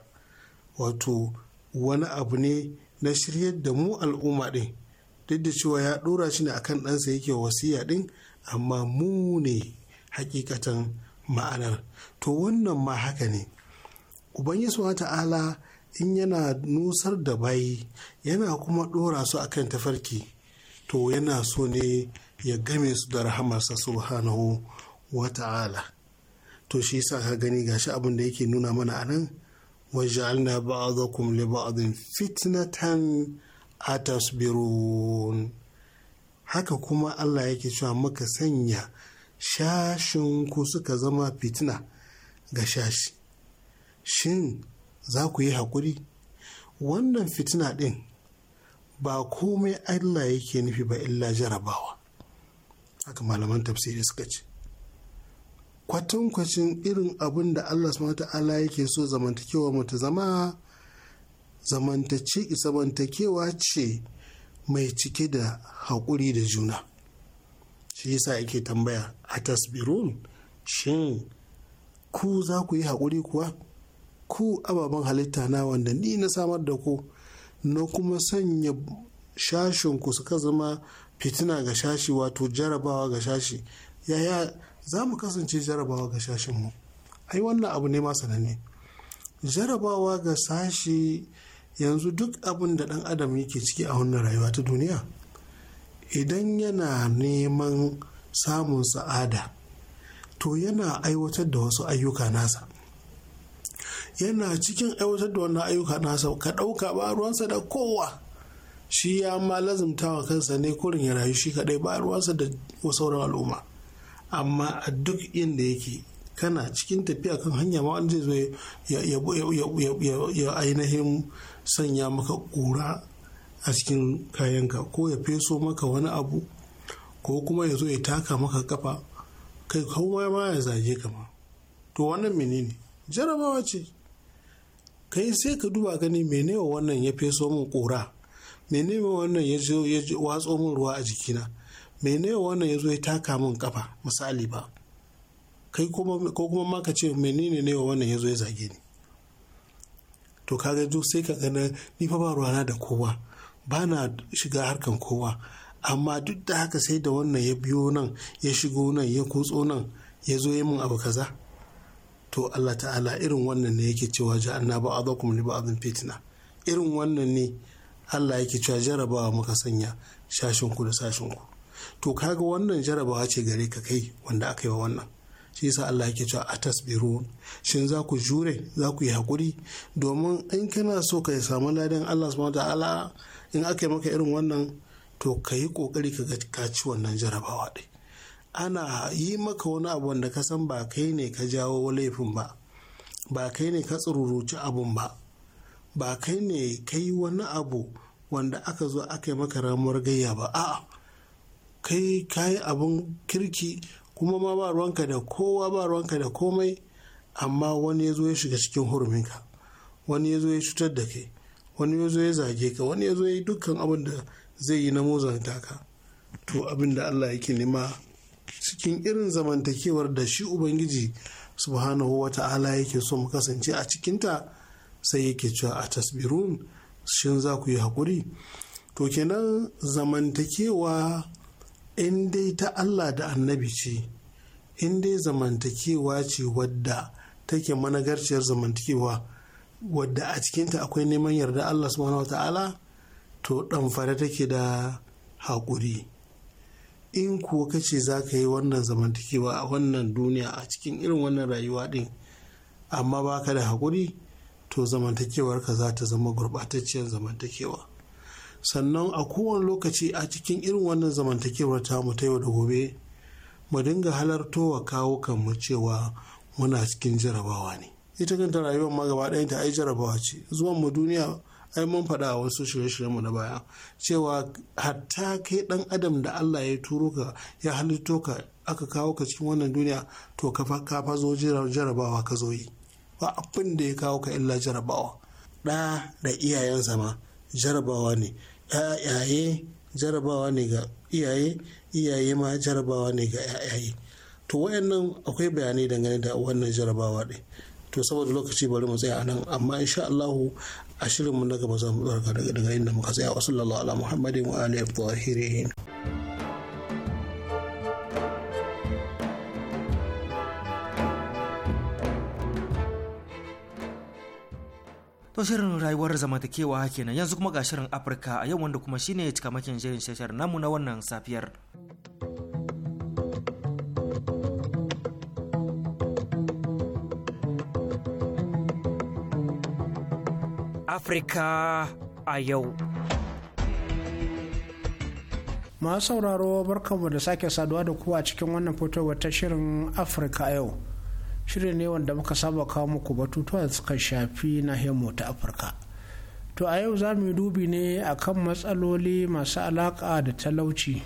wato wani abu ne na shiryar da mu al'umma ɗin duk da cewa ya ɗora shi ne a kan ɗansa yake wasiya ɗin amma mu ne hakikatan ma'anar to wannan ma haka ne ubangiji subhanahu ta'ala in yana nusar da bayi yana kuma ɗora su akan tafarki to yana so ne ya game su da rahamarsa subhanahu wa ta'ala to shi sa ka gani gashi abin da yake nuna mana a nan waj'alna ba'dakum li ba'din fitnatan atasbirun haka kuma Allah yake cewa muka sanya shashin ku suka zama fitina ga shashi shin za ku yi haƙuri wannan fitina ɗin ba komai allah yake nufi ba illa jarabawa haka malaman tafsiri suka ce kwatankwacin irin abin da allah subhanahu ta'ala yake so zamantakewa mu ta zama zamantakewa ce mai cike da haƙuri da juna shi yasa yake tambaya a tasbirun shin ku za ku yi haƙuri kuwa ku ababen halitta na wanda ni na samar da ku na kuma sanya shashinku suka zama fitina ga shashi wato jarabawa ga shashi yaya za mu kasance jarabawa ga shashinmu ai wannan abu ne masa ne jarabawa ga sashi yanzu duk abin da dan adam yake ciki a wannan rayuwa ta duniya idan yana neman samun sa'ada to yana aiwatar da wasu ayyuka nasa yana cikin aiwatar da wannan ayyuka nasa ka ɗauka ba ruwansa da kowa shi ya ma lazimta wa kansa ne kurin ya rayu shi kaɗai ba ruwansa da sauran al'umma amma a duk inda yake kana cikin tafiya kan hanya ma wani zai zo ya ainihin sanya maka kura a cikin kayanka ko ya feso maka wani abu ko kuma ya zo ya taka maka kafa kai kuma ma ya zage ka ma to wannan menene jarabawa ce kai sai ka duba gani mene wannan ya feso min ƙura mene wannan ya watso min ruwa a jikina mene wannan ya zo ya taka min kafa misali ba kai ko kuma ma ka ce menene ne wannan ya zo ya zage ni to kaga duk sai ka gana ni fa ba ruwana da kowa ba na shiga harkan kowa amma duk da haka sai da wannan ya biyo nan ya shigo nan ya kutso nan ya zo ya min abu kaza to Allah ta'ala irin wannan ne yake cewa ja'anna ne li ba'dhin fitna irin wannan ne Allah yake cewa jarabawa muka sanya shashin ku da sashin ku to kaga wannan jarabawa ce gare ka kai wanda aka yi wa wannan shi yasa Allah yake cewa atasbiru shin za ku jure za ku yi hakuri domin in kana so ka samu ladan Allah subhanahu ta'ala in aka yi maka irin wannan to ka yi kokari ka ci wannan jarabawa dai ana yi maka wani abu wanda ka san ba kai ne ka jawo laifin ba ba kai ne ka tsururuci abun ba ba kai ne ka yi wani abu wanda aka zo aka yi maka ramuwar gayya ba a'a kai ka yi abun kirki kuma ma ba ruwanka da kowa ba ruwanka da komai amma wani ya zo ya shiga cikin huruminka wani ya zo ya cutar da kai wani ya zo ya zage ka wani ya zo ya yi dukkan abin da zai yi na muzanta ka to abin da allah yake nema cikin irin zamantakewar da shi ubangiji subhanahu wa ta'ala yake so mu kasance a cikinta sai yake cewa a tasbirun shin za ku yi hakuri? to kenan zamantakewa in dai ta allah da annabi ce in dai zamantakewa ce wadda take managarciyar zamantakewa wadda a cikinta akwai neman yarda allah subhanahu wa ta'ala to ɗamfare take da haƙuri in kuwa ce za ka yi wannan zamantakewa a wannan duniya a cikin irin wannan rayuwa din amma ba ka da haƙuri to zamantakewarka za ta zama gurɓatacciyar zamantakewa sannan a kowane lokaci a cikin irin wannan zamantakewar ta mu ta yau da gobe mu dinga wa kawo kanmu cewa muna cikin jarabawa ne ita kanta rayuwar ma ai jarabawa ce zuwan mu duniya ai mun faɗa a wasu shirye-shiryenmu na baya cewa hatta kai ɗan adam da allah ya turo ka ya halitto ka aka kawo ka cikin wannan duniya to ka fa zo jarabawa ka zo yi ba abin da ya kawo ka illa jarabawa ɗa da iyayen zama jarabawa ne yaye jarabawa ne ga iyaye iyaye ma jarabawa ne ga yayaye to wayannan akwai bayanai dangane da wannan jarabawa ɗin to saboda lokaci bari mu tsaya anan amma insha Allah a shirinmu na gaba za mu daga daga inda muka tsaya wa sallallahu ala muhammadin wa alihi To shirin rayuwar zamantakewa kenan yanzu kuma ga shirin Afirka a yau wanda kuma shine cikamakin shirin shashar namu na wannan safiyar. Afirka a yau. Masu sauraro barkanmu da sake saduwa da kuwa cikin wannan fitowar ta shirin Afirka a yau. Shirin ne wanda muka saba kawo muku batutuwa da suka shafi nahiyarmu ta Afirka. To a yau za mu yi dubi ne akan matsaloli masu alaƙa da talauci.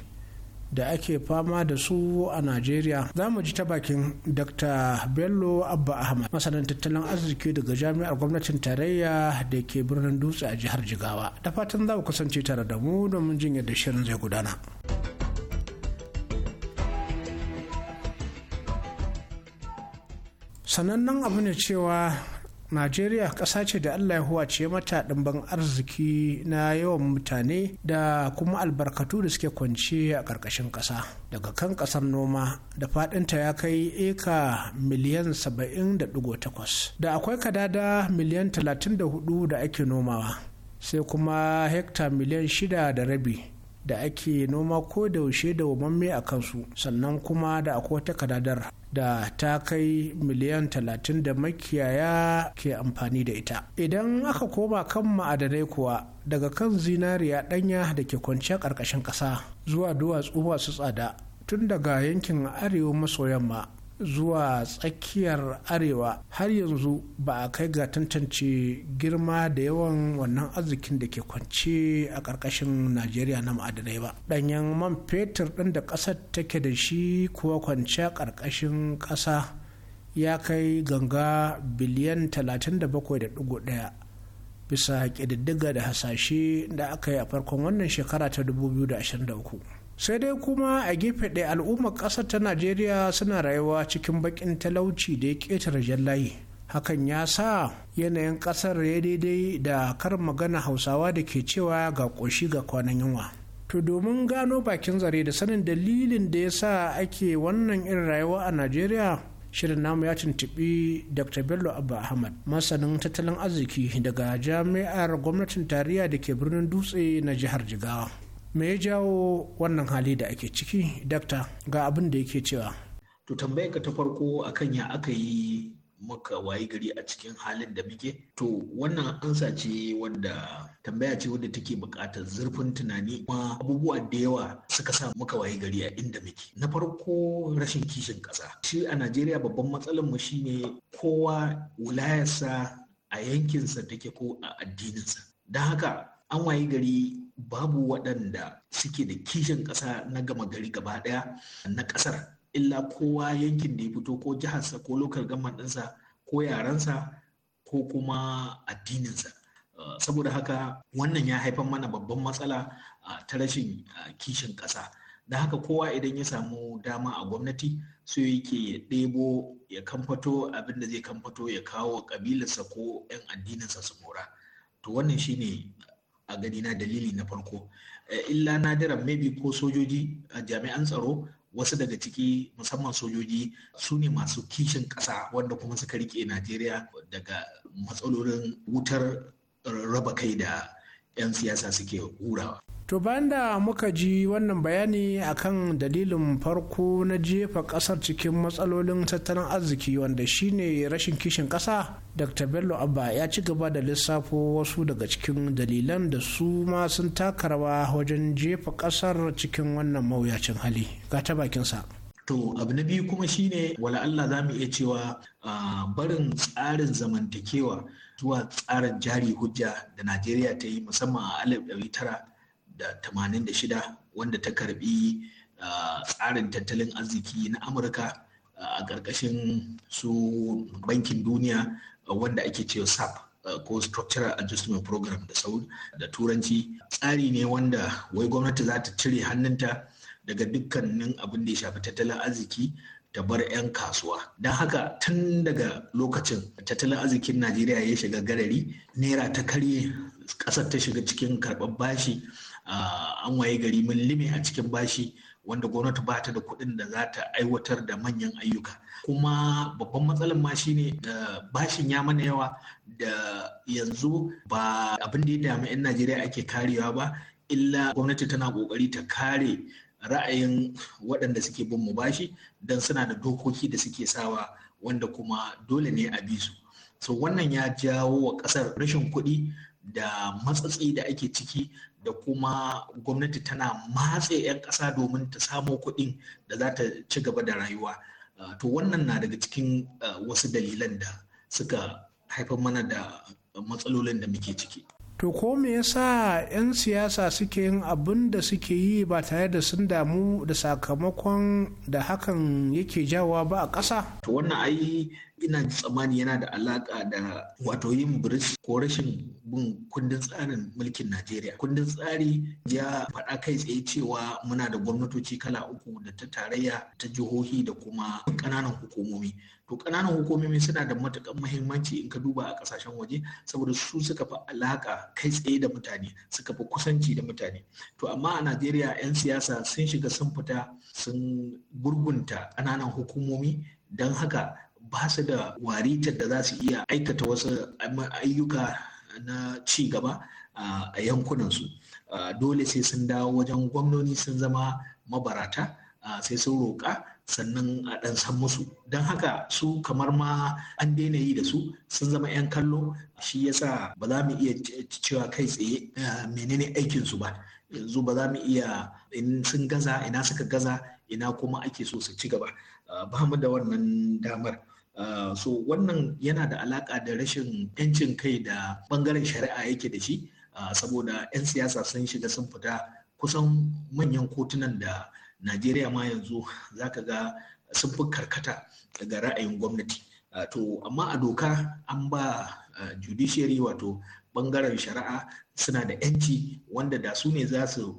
da ake fama da su a najeriya za mu ji ta bakin dr bello abba ahmad masanin tattalin arziki daga jami'ar gwamnatin tarayya da ke birnin dutse a jihar jigawa da fatan za ku kasance tare da mu domin jin yadda shirin zai gudana sanannen abu ne cewa najeriya ƙasa ce da allah ya huwace mata ɗimbin arziki na yawan mutane da kuma albarkatu da suke kwance a ƙarƙashin ƙasa daga kan ƙasar noma da faɗinta ya kai eka miliyan 70.8 da akwai kadada miliyan 34 da ake nomawa sai kuma hekta miliyan shida da rabi da ake noma ko da yaushe da umamme a kansu sannan kuma da akwai wata kadadar da ta kai miliyan talatin da makiyaya ke amfani da ita idan aka koma kan ma'adanai kuwa daga kan zinariya ɗanya da ke kwanciya ƙarƙashin ƙasa zuwa duwatsu masu tsada tun daga yankin arewa maso yamma zuwa tsakiyar arewa har yanzu ba a kai ga tantance girma da yawan wannan arzikin da ke kwance a ƙarƙashin najeriya na ma'adanai ba ɗanyen man fetur ɗin da ƙasar take da shi kuwa kwance a ƙarƙashin ƙasa ya kai ganga biliyan 37.1 bisa ƙididdiga da hasashe da aka yi a farkon wannan shekara ta 2023 sai dai kuma a gefe ɗaya al'ummar ƙasar ta najeriya suna rayuwa cikin baƙin talauci da ya ƙetare layi, hakan ya sa yanayin ƙasar ya daidai da karin magana hausawa da ke cewa ga ƙoshi ga kwanan yunwa to domin gano bakin zare da sanin dalilin da ya sa ake wannan irin rayuwa a najeriya shirin namu ya tuntuɓi dr bello abba ahmad masanin tattalin arziki daga jami'ar gwamnatin tarayya da ke birnin dutse na jihar jigawa me ya jawo wannan hali da ake ciki dakta ga abin da yake cewa to tambayar ka ta farko akan ya aka yi maka wayi gari a cikin halin da muke to wannan ansa ce wadda tambaya ce wadda take buƙatar zurfin tunani kuma abubuwa da yawa suka sa muka wayi gari a inda muke na farko rashin kishin ƙasa shi a najeriya babban matsalar mu shine kowa wilayarsa a yankinsa take ko a addininsa don haka an wayi gari babu waɗanda suke da kishin ƙasa na gama gari gaba ɗaya na ƙasar illa kowa yankin da ya fito ko jiharsa ko lokal gamman ɗinsa ko yarensa ko kuma addininsa eh, saboda haka wannan ya haifar mana babban matsala eh, ta rashin eh, kishin ƙasa da haka kowa idan ya samu dama a gwamnati so yake ya ɗebo ya kamfato abin da zai kamfato ya kawo ƙabilarsa ko 'yan addininsa su mora to wannan shine a gani na dalili na farko eh, illa nadira maybe ko sojoji a jami'an tsaro wasu daga ciki musamman sojoji su ne masu kishin ƙasa wanda kuma suka rike najeriya daga matsalolin wutar raba kai da 'yan siyasa suke hurawa To bayan da muka ji wannan bayani akan dalilin farko na jefa kasar cikin matsalolin tattalin arziki wanda shine rashin kishin kasa, Dr. Bello Abba ya ci gaba da lissafo wasu daga cikin dalilan da su ma sun taka rawa wajen jefa kasar cikin wannan mawuyacin hali. Ga ta bakinsa. To abu na biyu kuma shine wala Allah za mu iya cewa barin tsarin zamantakewa zuwa tsarin jari hujja da Najeriya ta yi musamman a shida wanda ta karbi tsarin tattalin arziki na amurka a ƙarƙashin su bankin duniya wanda ake cewa sap ko structural adjustment program da sau da turanci tsari ne wanda wai gwamnati za ta cire hannunta daga dukkanin abin da ya shafi tattalin arziki ta bar 'yan kasuwa don haka tun daga lokacin tattalin arzikin najeriya ya shiga gadari naira ta karye ƙasar ta shiga cikin karɓar bashi an waye gari mun lime a cikin bashi wanda gwamnati ba ta da kuɗin da za ta aiwatar da manyan ayyuka kuma babban matsalar ma shine da bashin ya mana yawa da yanzu ba abin da ya dami 'yan najeriya ake karewa ba illa gwamnati tana kokari ta kare ra'ayin waɗanda suke bin mu bashi don suna da dokoki da suke sawa wanda kuma dole ne a bi su so wannan ya jawo wa ƙasar rashin kuɗi da matsatsi da ake ciki da kuma gwamnati tana matse 'yan ƙasa domin ta samo kuɗin da za ta ci gaba da rayuwa ah, to wannan na daga cikin ah, wasu dalilan da suka haifar mana da matsalolin da muke ciki to ko me yasa 'yan siyasa suke yin abin da suke yi ba tare da sun damu da sakamakon da hakan yake jawa ba a ƙasa to wannan ai ina tsammani yana da alaƙa da wato yin biris ko rashin bin kundin tsarin mulkin Najeriya. Kundin tsari ya faɗa kai tsaye cewa muna da gwamnatoci kala uku da ta tarayya ta jihohi da kuma ƙananan hukumomi. To ƙananan hukumomi suna da matuƙar muhimmanci in ka duba a ƙasashen waje saboda su suka fi alaka kai tsaye da mutane suka fi kusanci da mutane. To amma a Najeriya 'yan siyasa sun shiga sun fita sun gurgunta ƙananan hukumomi don haka ba su da waritar da za su iya aikata wasu ayyuka na ci gaba a yankunansu dole sai sun dawo wajen gwamnoni sun zama mabarata sai sun roƙa sannan a ɗan san musu don haka su kamar ma an daina yi da su sun zama 'yan kallo shi yasa ba za mu iya cewa kai tsaye menene aikinsu ba yanzu ba za mu iya in sun gaza ina suka gaza ina kuma ake so su ci gaba ba mu da wannan damar Ah, so wannan yana da alaƙa da rashin 'yancin kai da bangaren shari'a yake da shi ah, saboda 'yan siyasa sun shiga sun fita kusan manyan kotunan da najeriya ma yanzu za ka ga sun fi karkata daga ra'ayin gwamnati ah, to amma a doka an ba judiciary wato ɓangaren shari'a suna da 'yanci wanda da su ne za su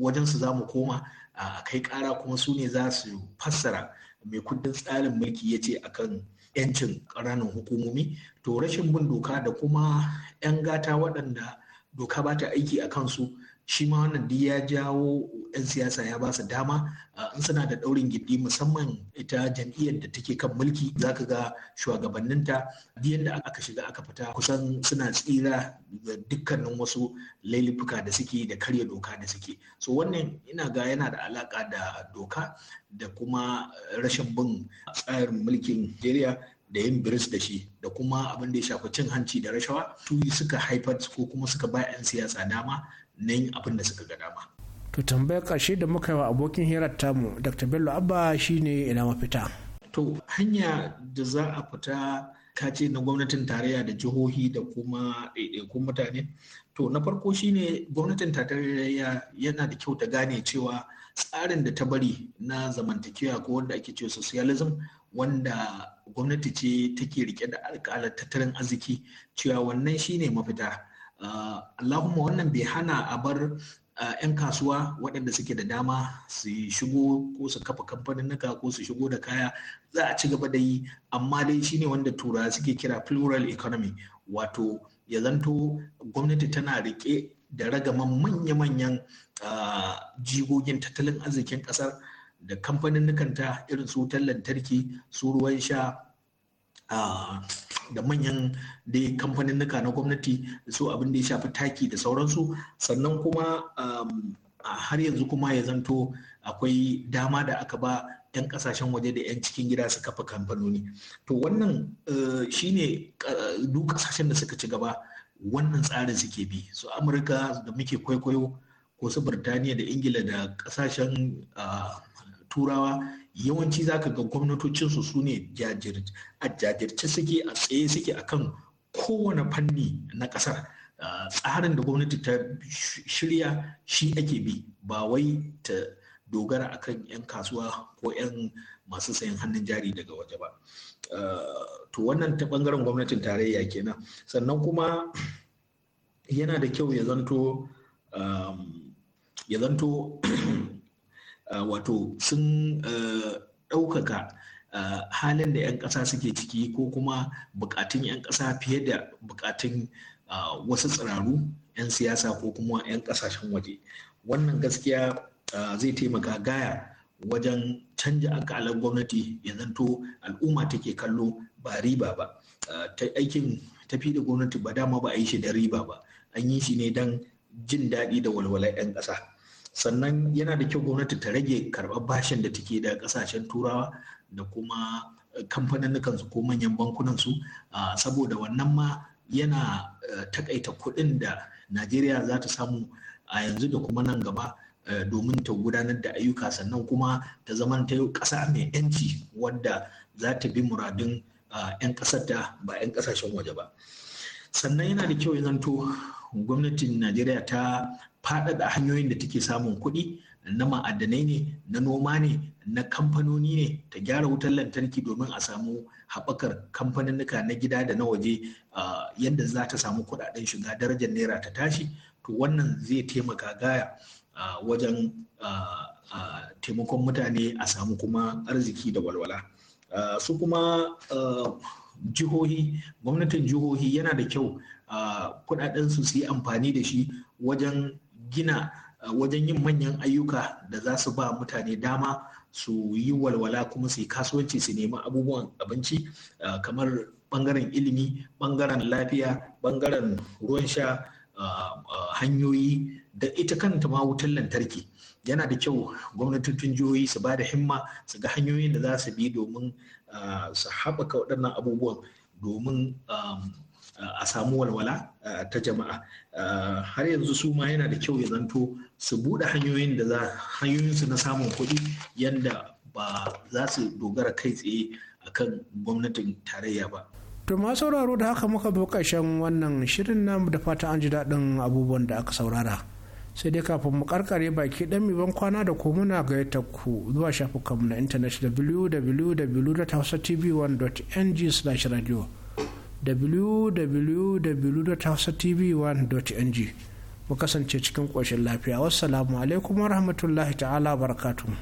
wajen su za mu koma a kai ƙara kuma su ne za su fassara mai kundin tsarin mulki ya ce akan yancin ƙananan hukumomi to rashin bin doka da kuma 'yan gata waɗanda doka ba ta aiki a kansu shi ma wannan ya jawo 'yan siyasa ya ba su dama uh, in suna da ɗaurin gindi musamman ita jam'iyyar da take kan mulki za ka ga shugabanninta biyan da aka shiga aka fita kusan suna tsira da dukkanin wasu laifuka da suke da karya doka da suke so wannan ina ga yana da alaka da doka da kuma rashin bin tsayar mulkin nigeria da yin biris da shi da kuma abin da ya shafi cin hanci da rashawa su suka haifar ko kuma suka ba 'yan siyasa dama na yin abin da suka ga dama. to tambayar ƙarshe da muka yi wa abokin hirar tamu dr bello abba shine ina mafita to hanya da za a fita ka ce na gwamnatin tarayya da jihohi da kuma ɗaiɗaikun mutane to na farko shine gwamnatin tarayya yana da kyau ta gane cewa tsarin da ta bari na zamantakewa ko wanda ake cewa socialism wanda gwamnati ce take rike da alƙalar tattalin arziki cewa wannan shine mafita Uh, Allahumma wannan bai hana a bar 'yan kasuwa waɗanda suke da dama su shigo ko su kafa kamfaninnika ko su shigo da kaya za a ci gaba da yi amma dai shine wanda turawa suke kira plural economy wato ya zanto gwamnati tana rike da ragaman manya-manyan jigogin tattalin arzikin ƙasar da kamfaninnikanta irin su wutar lantarki su ruwan sha da manyan dai kamfaninnika na gwamnati da su abin da ya shafi taki da sauransu sannan kuma um, har yanzu kuma ya zanto akwai dama da aka ba 'yan kasashen waje da 'yan cikin gida su kafa kamfanoni to wannan uh, shine uh, duk kasashen da suka ci gaba wannan tsarin suke bi su amurka da muke kwaikwayo ko su birtaniya da ingila da kasashen uh, turawa yawanci za ka ga gwamnatocinsu su ne a jajirce suke a tsaye suke a kan kowane fanni na ƙasar tsarin da gwamnati ta shirya shi ake bi ba wai ta dogara a kan 'yan kasuwa ko 'yan masu sayan hannun jari daga waje ba to wannan ta ɓangaren gwamnatin tarayya kenan sannan kuma yana da kyau ya um, ya zanto wato sun ɗaukaka halin da 'yan ƙasa suke ciki ko kuma bukatun 'yan ƙasa fiye da bukatun wasu tsiraru 'yan siyasa ko kuma 'yan ƙasashen waje wannan gaskiya zai taimaka gaya wajen canja akalar gwamnati ya zanto al'umma take kallo ba riba ba ta aikin tafi da gwamnati ba dama ba a yi shi da riba ba an yi shi ne don jin daɗi da walwalar 'yan ƙasa sannan yana da kyau gwamnati ta rage karɓar bashin da take da ƙasashen turawa da kuma kamfanin su ko manyan bankunan su saboda wannan ma yana eh, takaita kuɗin da najeriya za ta samu a yanzu da kuma nan gaba eh, domin ta gudanar da ayyuka sannan kuma ta zama ta yi ƙasa mai 'yanci wadda za ta bi muradin 'yan eh, ƙasar ta ba 'yan ƙasashen waje ba sannan yana da kyau ya zanto gwamnatin najeriya ta faɗaɗa hanyoyin da take samun kuɗi na ma'adanai ne na noma ne na kamfanoni ne ta gyara wutar lantarki domin a samu haɓakar kamfaninnika na gida da na waje yadda za ta samu kuɗaɗen shiga darajar naira ta tashi to wannan zai taimaka gaya wajen taimakon mutane a samu kuma arziki da walwala su kuma jihohi gwamnatin jihohi yana da kyau kudaden su su yi amfani da shi wajen gina wajen yin manyan ayyuka da za su ba mutane dama su yi walwala kuma su yi kasuwanci su nemi abubuwan abinci kamar bangaren ilimi bangaren lafiya bangaren ruwan sha hanyoyi da ita kanta ma wutar lantarki yana da kyau gwamnatin jihohi su ba da himma su ga hanyoyin da za su bi domin su haɓaka waɗannan abubuwan domin um, a samu walwala ta jama'a har yanzu su ma yana da kyau ya zanto su buɗe hanyoyin da za su na samun kuɗi yadda ba za su dogara kai tsaye akan gwamnatin tarayya ba To ma sauraro da haka muka bi ƙarshen wannan shirin namu da fata an ji daɗin abubuwan da aka saurara. sai dai kafin mu karkare baki dan ban kwana da ku muna gayyatar ku zuwa shafukanmu na intanet www.hausatv1.ng/radio www.hausatv1.ng mu kasance cikin koshin lafiya wassalamu alaikum warahmatullahi ta'ala barakatuhu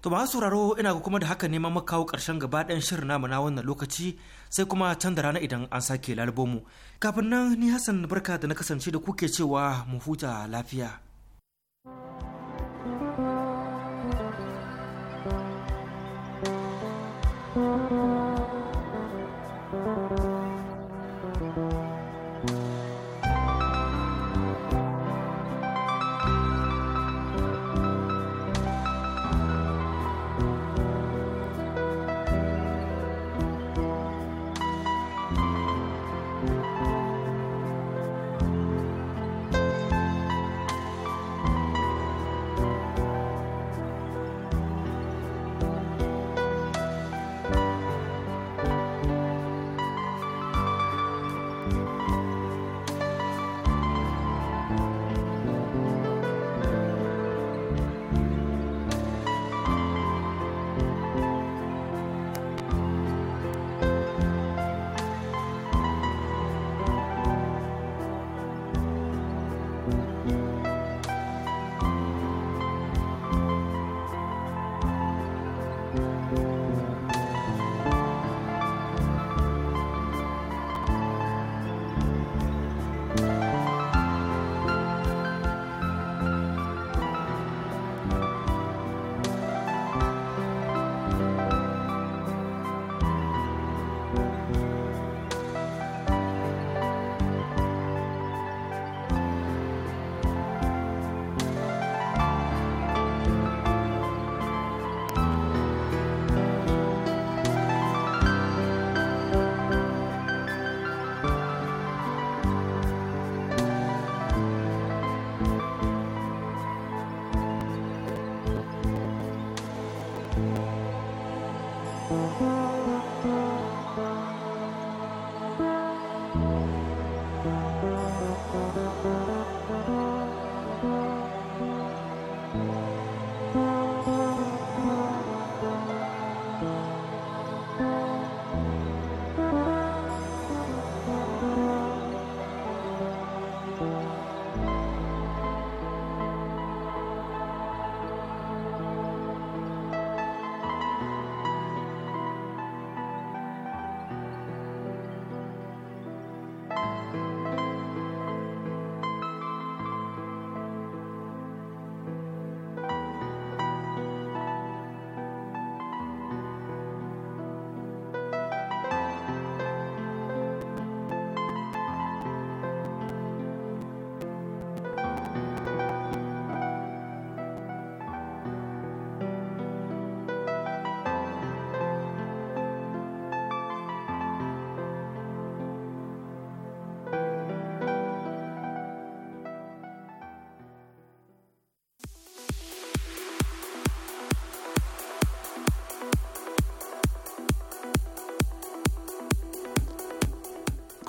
To ba sauraro ina kuma da haka neman makawo karshen gaba ɗayan shirin namu na wannan lokaci sai kuma can da rana idan an sake lalbomu. Kafin nan ni Hassan barka da na kasance da kuke cewa mu huta lafiya.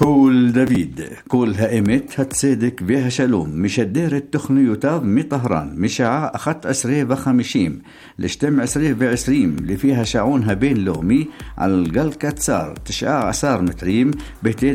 كول دافيد كول هائمت هتصدق بها شلوم مش الدير يتاب مي طهران مشاع أخت أسري بخمشيم لشتم أسري بعسريم اللي فيها هبين بين لومي على القلقة تسار تشعى عسار متريم بهتين